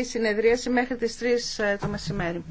η συνεδρίαση μέχρι τις 3 ε, το μεσημέρι.